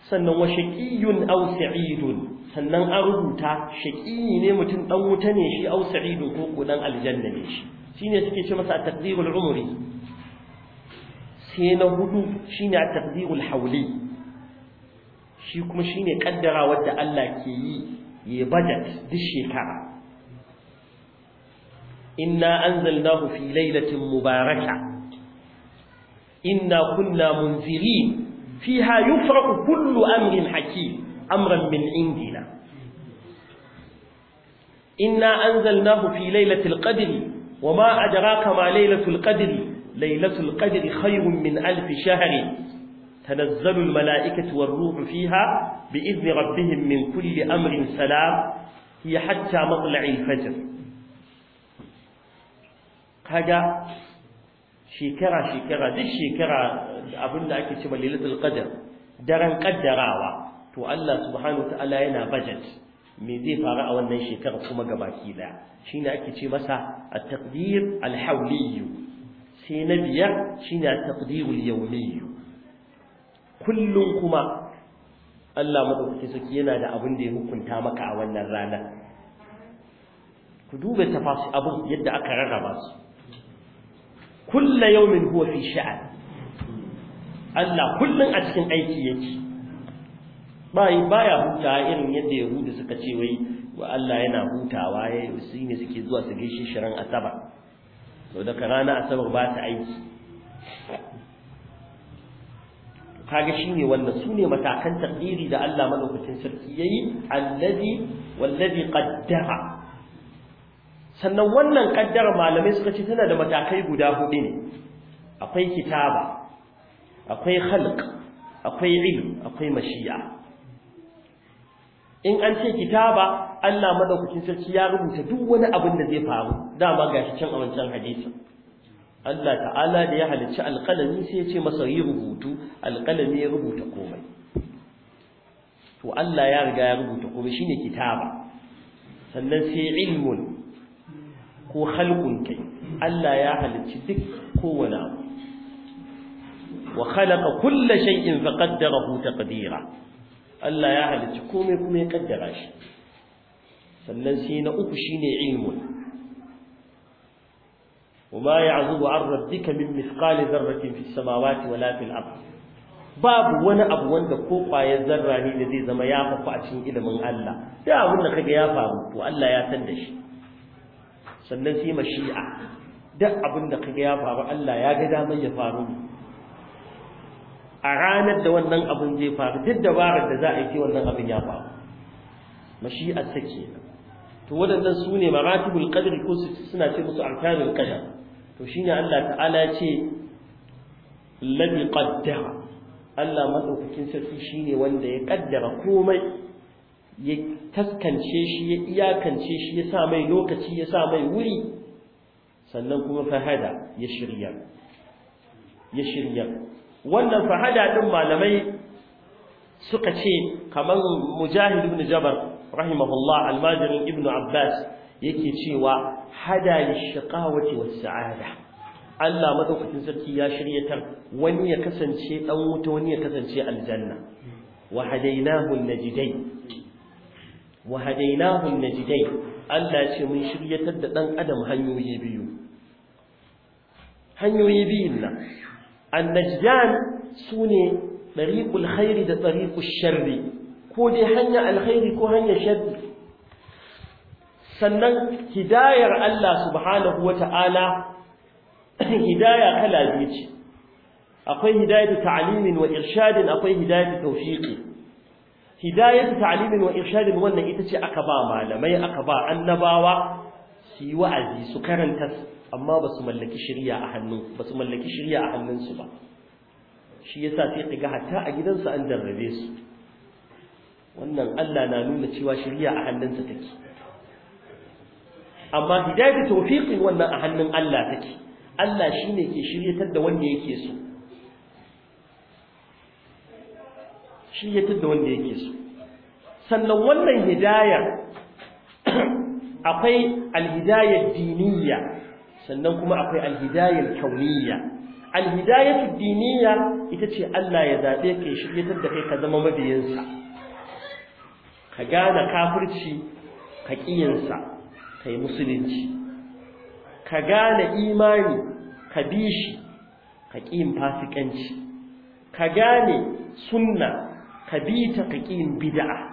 sannan wa shaƙiyun aw sannan an rubuta shaƙiyi ne mutum ɗan wuta ne shi Ausa'idu ko ko aljanna ne shi ne suke ce masa a taqdirul umri sai na hudu shine a taqdirul hauli shi kuma shine ƙaddara wadda Allah ke yi ya bajet duk shekara إنا أنزلناه في ليلة مباركة إنا كنا منذرين فيها يفرق كل أمر حكيم أمرا من عندنا إنا أنزلناه في ليلة القدر وما أدراك ما ليلة القدر ليلة القدر خير من ألف شهر تنزل الملائكة والروح فيها بإذن ربهم من كل أمر سلام هي حتى مطلع الفجر kaga shekara shekara duk shekara abin da ake cewa lailatul qadr daren kaddarawa to Allah subhanahu wataala yana budget me zai faru a wannan shekara kuma gabaki daya shine ake ce masa at-taqdir al-hawli sai na biyar shine at-taqdir al-yawmi kullun kuma Allah madaukake saki yana da abin da ya hukunta maka a wannan rana ku duba tafasi abin yadda aka rarraba su kulla yau min hofi sha'an Allah kullum a cikin aiki yake Bayan baya huta irin yadda yahudu suka ce wai wa Allah yana hutawa ya yi ne suke zuwa su gaishe shirin asabar to daga rana asabar ba ta aiki kaga shine wannan sune matakan taqdiri da Allah madaukakin sarki yayi allazi wallazi qaddara sannan wannan kaddara malamai suka ce tana da matakai guda hudu ne akwai kitaba akwai khalq akwai ilm akwai mashi'a in an ce kitaba Allah madaukakin sarki ya rubuta duk wani abin da zai faru dama gashi can a wancan hadisi Allah ta'ala da ya halicci alƙalami sai ya ce masa yi rubutu alƙalami ya rubuta komai to Allah ya riga ya rubuta komai shine kitaba sannan sai ilmun ko khalqun kai Allah ya halicci duk kowane abu wa khalaqa kulla shay'in fa qaddarahu taqdira Allah ya halicci komai kuma ya kaddara shi sannan sai na uku shine ilmun وما يعزب عن ربك من مثقال ذرة في السماوات wala في الأرض babu wani abu wanda ko kwayar zarra ne da zai zama ya fafa a cikin ilimin Allah sai abin da kaga ya faru to Allah ya san da shi sannan sai mashi'a duk abin da kaga ya faru Allah ya ga damar ya faru a ranar da wannan abin zai faru duk dabarar da za a yi wannan abin ya faru mashi'a take to waɗannan su ne maratibul qadr ko suna ce musu arkanul qadr to shine Allah ta'ala ce ladhi qaddara Allah madaukakin sarki shine wanda ya kaddara komai ya taskance shi ya iyakance shi ya sa mai lokaci ya sa mai wuri sannan kuma fahada ya shirya ya shirya wannan fahada din malamai suka ce kamar mujahid ibn jabar rahimahullah almajirin ibn abbas yake cewa hada lishqawati was sa'ada Allah madaukakin sarki ya shiryatar wani ya kasance dan wuta wani ya kasance aljanna wa hadainahu najidai wa hadainahu najdai Allah ce mun shiryatar da dan adam hanyoyi biyu hanyoyi biyun nan annajdan sune tariqul khairi da tariqul sharri ko dai hanya alkhairi ko hanya sharri sannan hidayar Allah subhanahu wata'ala hidaya kala biyu ce akwai hidayatu ta'limin wa irshadin akwai hidayatu tawfiqi hidayatu ta'limin wa irshadin wannan ita ce aka ba malamai aka ba annabawa su yi wa'azi su karanta amma ba su mallaki shirya a hannu ba su mallaki shirya a hannunsu ba shi yasa sai ka ga hatta a gidansu an jarrabe su wannan Allah na nuna cewa shirya a hannunsa take amma hidayatu tawfiqi wannan a hannun Allah take Allah shine ke shiryatar da wanda yake so shi ya da wanda yake so sannan wannan hidayar akwai alhidayar diniya sannan kuma akwai alhidayar kauniya alhidayar diniya ita ce Allah ya ka kai shiryatar da kai ka zama mabiyinsa ka gane kafirci ka kiyinsa kai musulunci ka gane imani ka bi shi ka kiyin fasikanci ka gane sunna ka bi ta kaƙin bid'a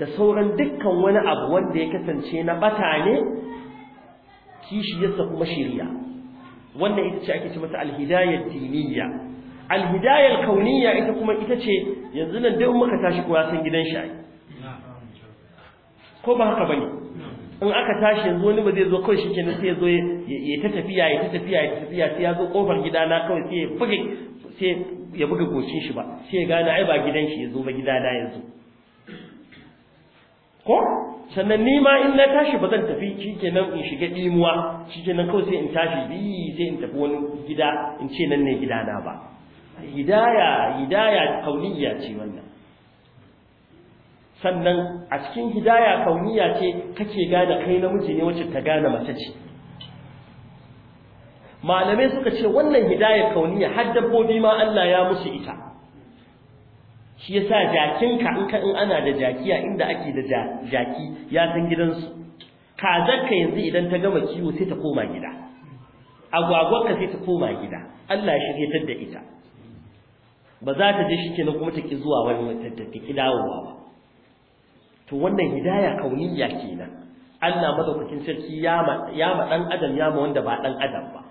da sauran dukkan wani abu wanda ya kasance na bata ne kishiyarsa kuma shiriya wannan ita ce ake ce mata alhidayar diniya alhidayar kauniya ita kuma ita ce yanzu nan duk muka tashi kowa san gidan shi ko ba haka bane in aka tashi yanzu wani ba zai zo kawai shike ne sai ya zo ya ta tafiya ya ta tafiya ya ta tafiya sai ya zo kofar gidana kawai sai ya buga sai ya buga goshin shi ba sai ya gane ai ba gidan shi yazo ba gida da yazo ko sannan ni ma in na tashi ba zan tafi shikenan in shiga dimuwa shikenan kawai sai in tashi bi sai in tafi wani gida in ce nan ne gida na ba hidaya hidaya kauniya ce wannan sannan a cikin hidaya kauniyya ce kake gane kai namiji ne wacce ta gane mace ce malamai suka ce wannan hidayar kauniya har dabbobi ma Allah ya musu ita shi yasa jakinka in ka in ana da jakiya inda ake da jaki ya san gidansu kazarka yanzu idan ta gama kiwo sai ta koma gida agwagwarka sai ta koma gida Allah ya shiryatar da ita ba za ta je shi kenan kuma ta ki zuwa wani ta ki dawowa ba to wannan hidaya kauniya kenan Allah madaukakin sarki ya ma ya ma dan adam ya ma wanda ba dan adam ba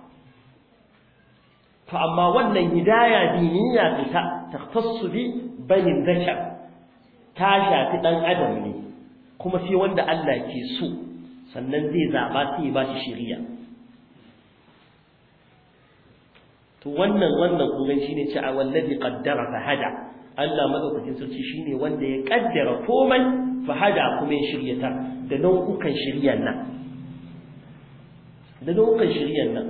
to amma wannan hidaya diniya ta takhtassu bi bayin zakar ta shafi dan adam ne kuma sai wanda Allah ke so sannan zai zaba sai ba shi shari'a to wannan wannan kuma shine ce a wallazi qaddara fa hada Allah madaukakin sarki shine wanda ya kaddara komai fa hada kuma ya shiryata da nau'ukan nan da nau'ukan shari'an nan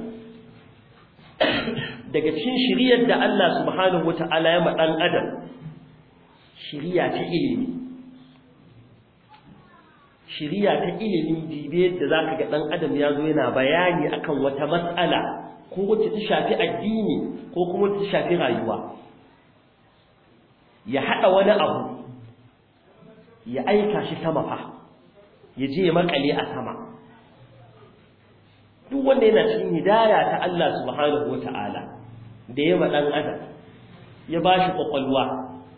daga cikin shiriyar da Allah subhanahu ta’ala ya ma adam shiriya ta ilimi shiriya ta ilimi dibe da zaka ga dan adam ya zo yana bayani akan wata matsala, ko wacce ta shafi addini ko kuma ta shafi rayuwa ya hada wani abu ya aika shi sama fa ya je ya makale a sama duk wanda yana cikin hidaya ta Allah subhanahu wata'ala da yaba dan adam ya bashi kwakwalwa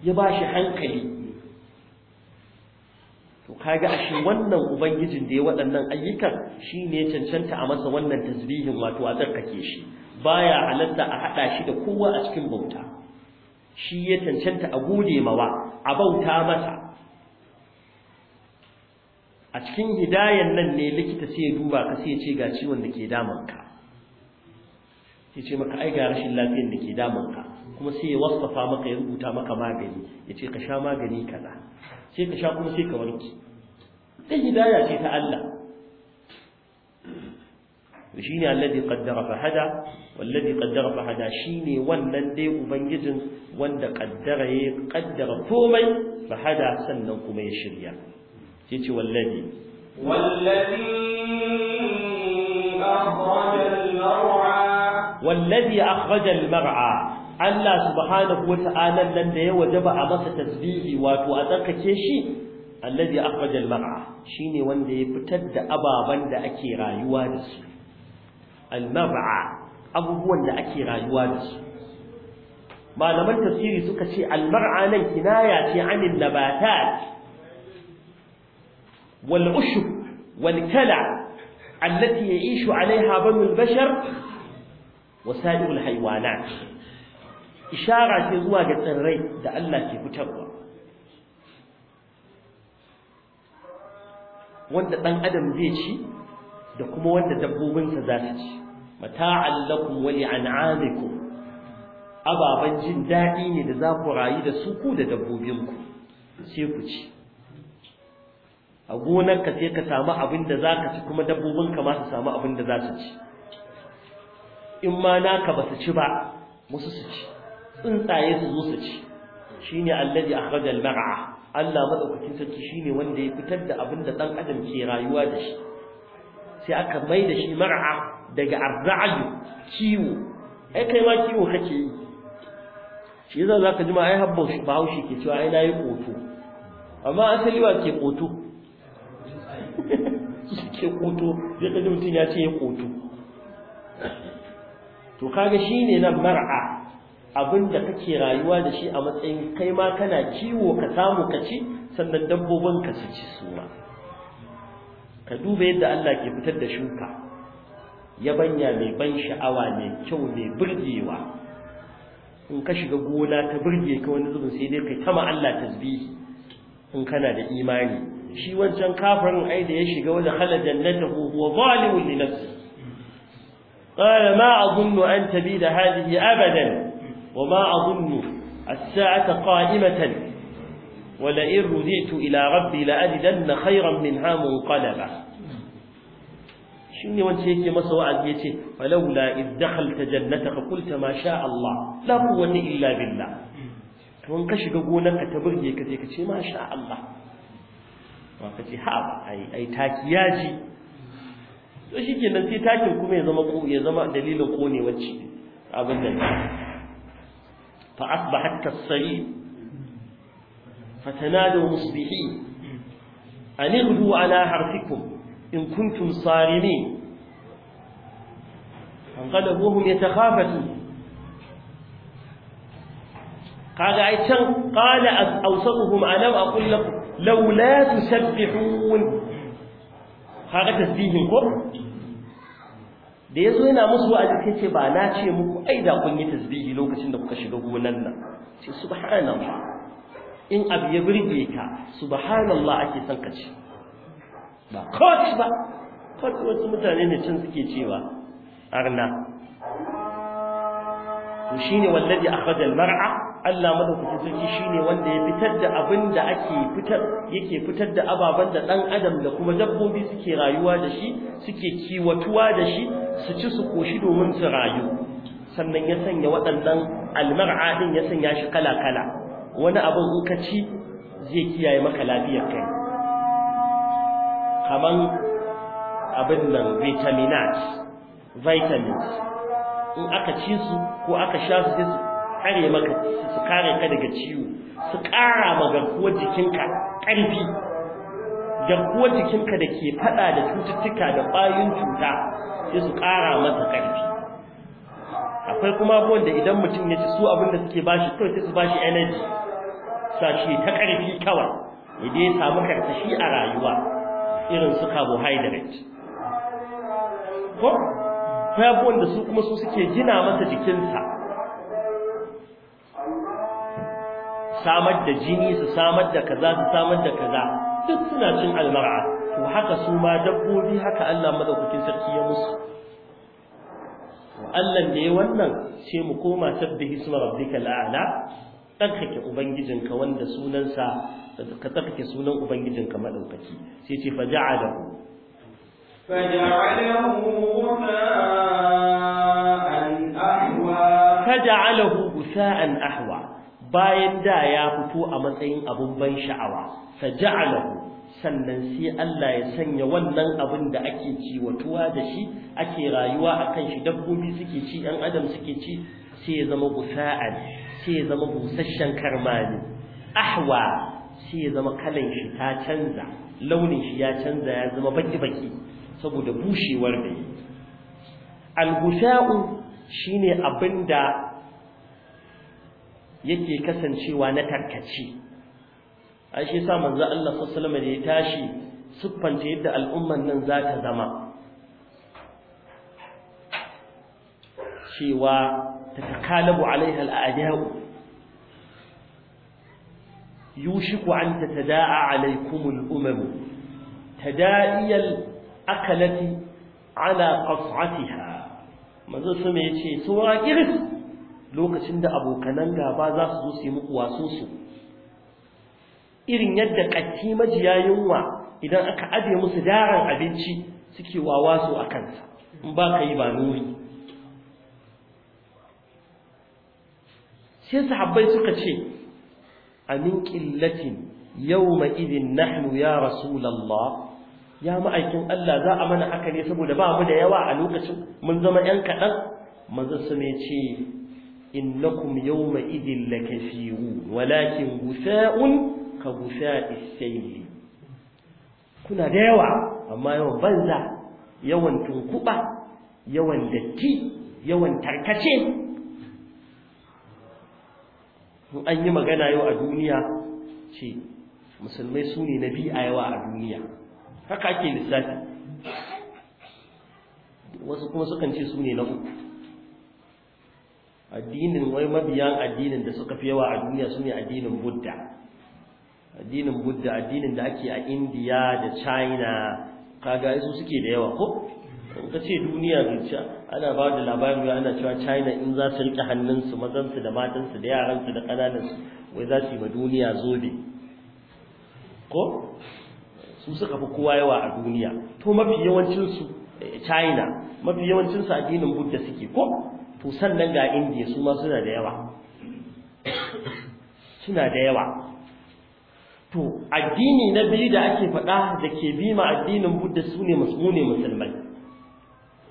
ya bashi hankali to kaga ashe wannan ubangijin da ya waɗannan ayyukan shine ya cancanta a masa wannan tasbihin wato a tsarkake shi baya halatta a hada shi da kowa a cikin bauta shi ya cancanta a gode mawa a bauta masa a cikin hidayan nan ne likita sai ya duba ka sai ce ga ciwon da ke damanka sai ce maka ai ga rashin lafiyar da ke damanka kuma sai ya wasfafa maka ya rubuta maka magani ya ce ka sha magani kaza sai ka sha kuma sai ka warke ta hidaya ce ta Allah shi ne alladhi qaddara fahada? hada wallazi qaddara fa hada shine wannan dai ubangijin wanda kaddara ya kaddara komai fa sannan kuma ya shirya sai ce wallazi wallazi akhraja al-mar'a wallazi akhraja al-mar'a Allah subhanahu wa ta'ala nan da ya wajaba a masa tasbihi wato a tsarkake shi allazi akhraja al-mar'a shine wanda ya fitar da ababan da ake rayuwa da su al-mar'a abubuwan da ake rayuwa da su malaman tafsiri suka ce al-mar'a nan kinaya ce anil nabatat Wani والعشب والكلع التي يعيش عليها بنو البشر وسائر الحيوانات ishara ce zuwa ga tsirrai da Allah ke fitarwa wanda dan adam zai ci da kuma wanda dabbobinsa za su ci mata'an lakum wa li'an'amikum ababan jin daɗi ne da za ku rayu da su ku da dabbobinku sai ku ci a gonarka sai ka samu abin da za ka ci kuma dabbobinka ma su samu abin da za su ci in ma naka ba su ci ba musu su ci tsuntsaye su zo su ci shine allazi akhraja al-mar'a Allah madaukakin sarki shine wanda ya fitar da abin da dan adam ke rayuwa da shi sai aka mai da shi mar'a daga arzayu kiwo ai kai ma kiwo kake yi shi yasa zaka ji ma ai habbo shi haushi ke cewa ai nayi koto amma asali wa ke koto suke koto ya kaji mutum ya ce ya koto to kaga shi ne nan mar'a abinda kake rayuwa da shi a matsayin kai ma kana kiwo ka samu ka ci sannan dabbobin ka su ci suna ka duba yadda Allah ke fitar da shuka ya banya mai ban sha'awa mai kyau mai burgewa in ka shiga gona ta burge ka wani zubin sai dai kai Allah tasbihi in kana da imani shi wancan kafirin ai da ya shiga wa dakhala jannatahu huwa zalimun li nafsihi qala ma azunnu an tabida hadhihi abadan wa ma azunnu as-sa'ata qa'imatan wa la in ruditu ila rabbi la ajidanna khayran minha munqalaba shine wance yake masa wa'azi yace falawla id dakhalta jannataka qulta ma sha Allah la quwwata illa billah to ka shiga gonarka ta burge ka sai ka ce ma sha Allah ba ka ce ha ai ai taki ya ji to shikenan sai takin kuma ya zama ko ya zama dalilin kone wacce abin nan fa asbahat kasari fatanadu musbihi an ighdu ala harfikum in kuntum sarimin anqalabuhum yatakhafatu kaga ai can qala awsaquhum alam aqul lakum laula tusabbihun kaga tasbihin ko da yazo yana musu wa'azi sai ce ba na ce muku ai da kun yi tasbihi lokacin da kuka shiga gonan nan sai subhanallah in abu ya burge ka subhanallah ake son ka ce ba coach ba coach wasu mutane ne can suke cewa arna to shine wallazi akhadha al-mar'a Allah madaukakin sarki shine wanda ya fitar da abin da ake fitar yake fitar da ababen da dan adam da kuma dabbobi suke rayuwa da shi suke kiwatuwa da shi su ci su koshi domin su rayu sannan ya sanya waɗannan almar'a din ya sanya shi kala kala wani abin in zai kiyaye maka lafiyar kai kaman abin nan vitaminat vitamins in aka ci su ko aka sha su su Kare maka su kare ka daga ciwo su kara ma garkuwar jikinka ƙarfi garkuwar jikinka da ke fada da cututtuka da ƙwayoyin cuta sai su kara masa ƙarfi akwai kuma abubuwan da idan mutum ya ci su abin da suke bashi kawai sai su bashi energy sa shi ta ƙarfi kawai idan ya samu karsashi a rayuwa irin su carbohydrate ko akwai abubuwan da su kuma su suke gina masa jikinsa samar da jini su samar da kaza su samar da kaza duk suna cin almar'a to haka su ma dabbobi haka Allah madaukakin sarki ya musu Allah ne wannan sai mu koma sabbihi isma rabbikal a'la tsarkake ubangijinka wanda sunansa ka tsarkake sunan ubangijinka madaukaki sai ce faja'alahu faja'alahu fa'an ahwa faja'alahu ahwa bayan da ya fito a matsayin abun ban sha'awa saja'alahu sannan sai Allah ya sanya wannan abin da ake ci watuwa da shi ake rayuwa akan shi dabbobi suke ci ɗan adam suke ci sai ya zama busa'an sai ya zama busasshen karmani ahwa sai ya zama kalan shi ta canza launin shi ya canza ya zama baki baki saboda bushewar da yi al gushau shine abinda yake kasancewa na tarkaci ai shi sa manzo Allah sallallahu alaihi da ya tashi siffanta yadda al'umman nan za ta zama cewa tatakalabu alaiha al'adau yushiku an tatada'a alaikum al'umam tada'iyal akalati ala qas'atiha manzo sume yace suwa kiris lokacin da abokanan gaba za su zo su yi muku wasu irin yadda ƙatti majiya yunwa idan aka ajiye musu daren abinci suke wawa su a kansa in ba ka yi ba nuri sai sahabbai suka ce amin yau yawma idin nahnu ya rasulullah ya ma'aikin Allah za a mana haka ne saboda ba mu da yawa a lokacin mun zama yan kaɗan manzon su ne ce innakum yawma idin lakasiru walakin gusa'un ka gusa'is sayli kuna da yawa amma yawan banza yawan tunkuba yawan datti yawan tarkace mu an yi magana yau a duniya ce musulmai su ne nabi a yawa a duniya haka ake lissafi wasu kuma sukan ce su ne na uku addinin wai mabiyan addinin da suka fi yawa a duniya su ne addinin budda addinin budda addinin da ake a indiya da china kaga su suke da yawa ko in ka ce duniya zuciya ana ba da labarin ana cewa china in za su rike hannunsu mazansu da matansu da yaransu da ƙananansu wai za su yi ma duniya zobe ko su suka fi kowa yawa a duniya to mafi yawancinsu eh, china mafi yawancinsu addinin budda suke ko to sannan ga indiya su ma suna da yawa suna da yawa to addini na biyu da ake faɗa da ke bi ma addinin budda su ne musulmai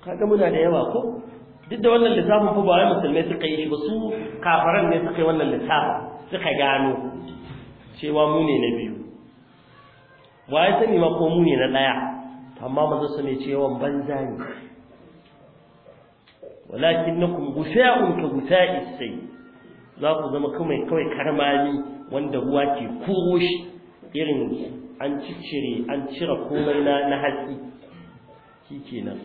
kaga muna da yawa ko duk da wannan lissafin fa ba musulmai suka yi ba su kafaran ne suka yi wannan lissafin suka gano cewa mu ne na biyu ya sani ma ko mu ne na ɗaya amma manzo sani cewa banza ne walakinnakum gusa'un ka gusa'i sai za ku zama kawai kawai karmami wanda ruwa ke kuroshi. shi irin an cicire an cire komai na na hatsi shikenan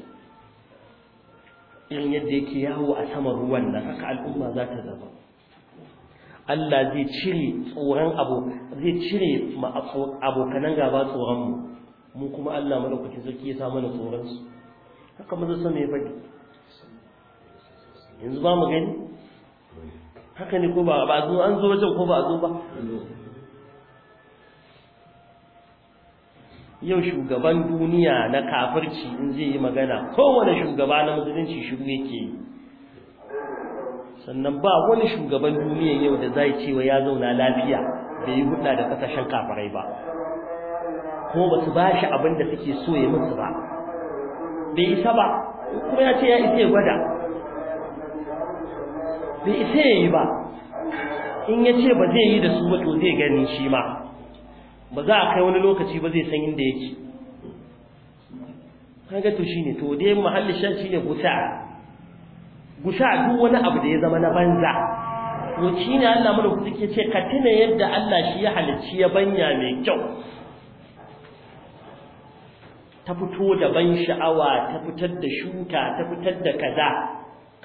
irin yadda yake yawo a saman ruwan nan haka al'umma za ta zama Allah zai cire tsoron abu zai cire abokanan gaba tsoron mu mu kuma Allah madaukakin sarki ya sa mana tsoron su haka mun san me fadi yanzu ba mu gani haka ne ko ba ba zo an zo wajen ko ba zo ba yau shugaban duniya na kafirci in zai yi magana kowane shugaba na musulunci shiru yake yi sannan ba wani shugaban duniya yau da zai cewa ya zauna lafiya bai yi hudu da kasashen kafirai ba kuma ba su ba abin da suke so ya musu ba bai isa ba kuma ya ce ya isa ya gwada bai isa ya yi ba in ya ce ba zai yi da su ba to zai gani shi ma ba za a kai wani lokaci ba zai san inda yake kaga to shine to dai mahallin shan shine gusa gusa duk wani abu da ya zama na banza to shine Allah mana ku take ce ka tuna yadda Allah shi ya halicci ya banya mai kyau ta fito da ban sha'awa ta fitar da shuka ta fitar da kaza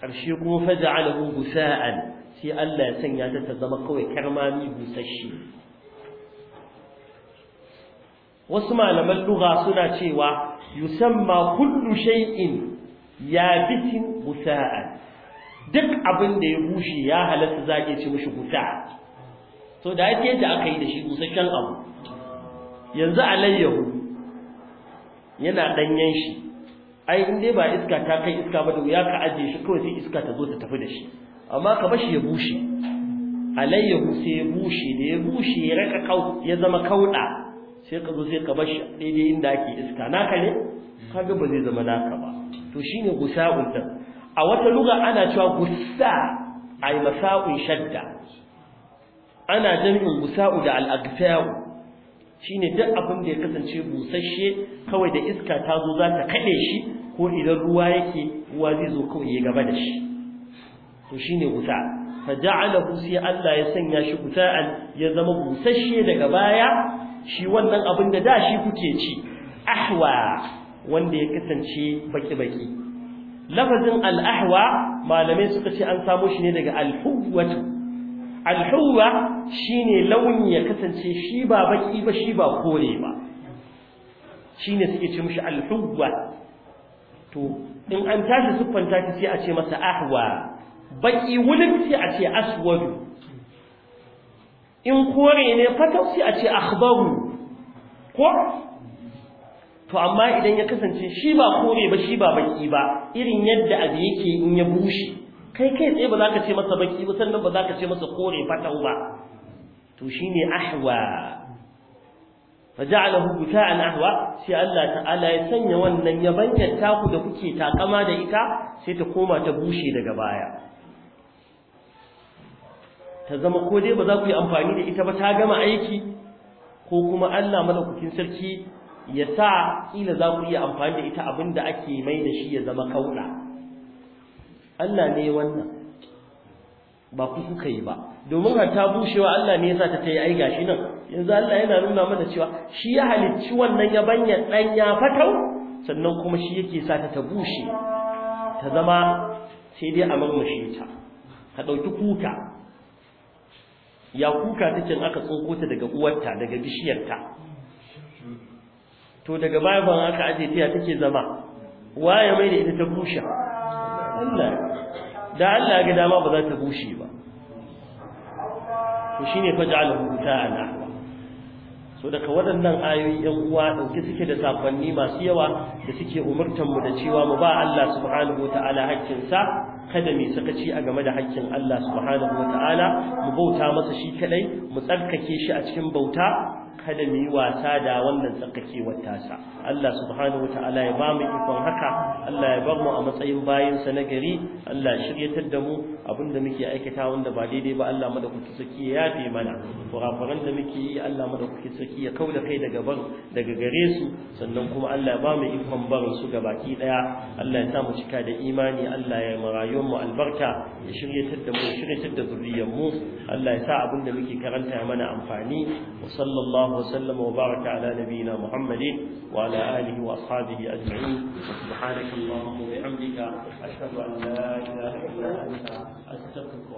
ƙarshe kuma faja'alahu gusa'an sai Allah ya sanya ta ta zama kawai karmami busasshe wasu malaman duga suna cewa yusamma kullu shay'in yabitin gusa'an duk abin da ya bushe ya halatta zage ci mashi gusa to da yake yadda aka yi da shi busasshen abu yanzu alayyahu yana ɗanyen shi ai in dai ba iska ta kai iska ba da wuya ka aje shi kawai sai iska ta zo ta tafi da shi amma ka bashi ya bushe alayyahu sai ya bushe da ya bushe ya raka kau ya zama kauda sai ka zo sai ka bashi daidai inda ake iska naka ne ga ba zai zama naka ba to shine gusa'un din a wata lugha ana cewa gusa ai masa'un shadda ana jami'in gusa'u da al-agsa'u shine duk abin da ya kasance busasshe kawai da iska ta zo za ta kaɗe shi ko idan ruwa yake ruwa zai zo kawai ya gaba da shi to shi ne wuta fa ja'ala sai Allah ya sanya shi guta'an ya zama busasshe daga baya shi wannan abin da da shi kuke ci ahwa wanda ya kasance baki baki lafazin al malamai suka ce an samo shi ne daga al-huwatu al-huwa shine launi ya kasance shi ba baki ba shi ba kore ba shine suke ce mishi al to in an tashi siffan tashi sai a ce masa ahwa baki wulin sai a ce aswadu in kore ne fatau sai a ce akhbaru ko to amma idan ya kasance shi ba kore ba shi ba baki ba irin yadda abu yake in ya bushe kai kai tsaye ba za ka ce masa baki ba sannan ba za ka ce masa kore fatau ba to shine ahwa faja'alahu buka'an ahwa sai Allah ta'ala ya sanya wannan yabanyar taku da kuke takama da ita sai ta koma ta bushe daga baya ta zama ko dai ba za ku yi amfani da ita ba ta gama aiki ko kuma Allah malakukin sarki ya sa kila za ku iya amfani da ita abinda ake mai da shi ya zama kauna Allah ne wannan ba ku kuka yi ba domin har ta bushewa Allah ne ya sa ta ta yi ai gashi nan yanzu Allah yana nuna mana cewa shi ya halicci wannan yabanyar dan ya fatau sannan kuma shi yake sa ta ta bushe ta zama sai dai a marmashe ta ka dauki kuka ya kuka take aka tsinko ta daga uwarta daga bishiyarta to daga baya ban aka aje ta take zama waye mai da ita ta bushe Allah da Allah ga dama ba za ta bushe ba to shine faj'alahu ta'ala so daga waɗannan ayoyi yan uwa dauke suke da safanni masu yawa da suke umurtan mu da cewa mu ba Allah subhanahu wataala hakkin sa kada mai sakaci a game da hakkin Allah subhanahu wataala mu bauta masa shi kadai mu tsarkake shi a cikin bauta kada mu yi wasa da wannan tsakakewar tasa Allah subhanahu wataala ya ba mu ikon haka Allah ya bar mu a matsayin bayansa sa na gari Allah shiryatar da mu abinda muke aikata wanda ba daidai ba Allah madaukaki saki ya yafe mana kurakuran da muke yi Allah madaukaki saki ya kauda kai daga bar daga gare su sannan kuma Allah ya ba mu ikon barin su gabaki daya Allah ya sa mu cika da imani Allah ya marayuwar mu albarka ya shiryatar da mu shiryatar da zuriyar mu Allah ya sa abinda muke karanta ya mana amfani wa sallallahu wa sallama wa baraka ala nabiyina Muhammadin wa ala alihi wa ashabihi ajma'in subhanakallahumma wa bihamdika ashhadu an la ilaha illa anta أستغفرك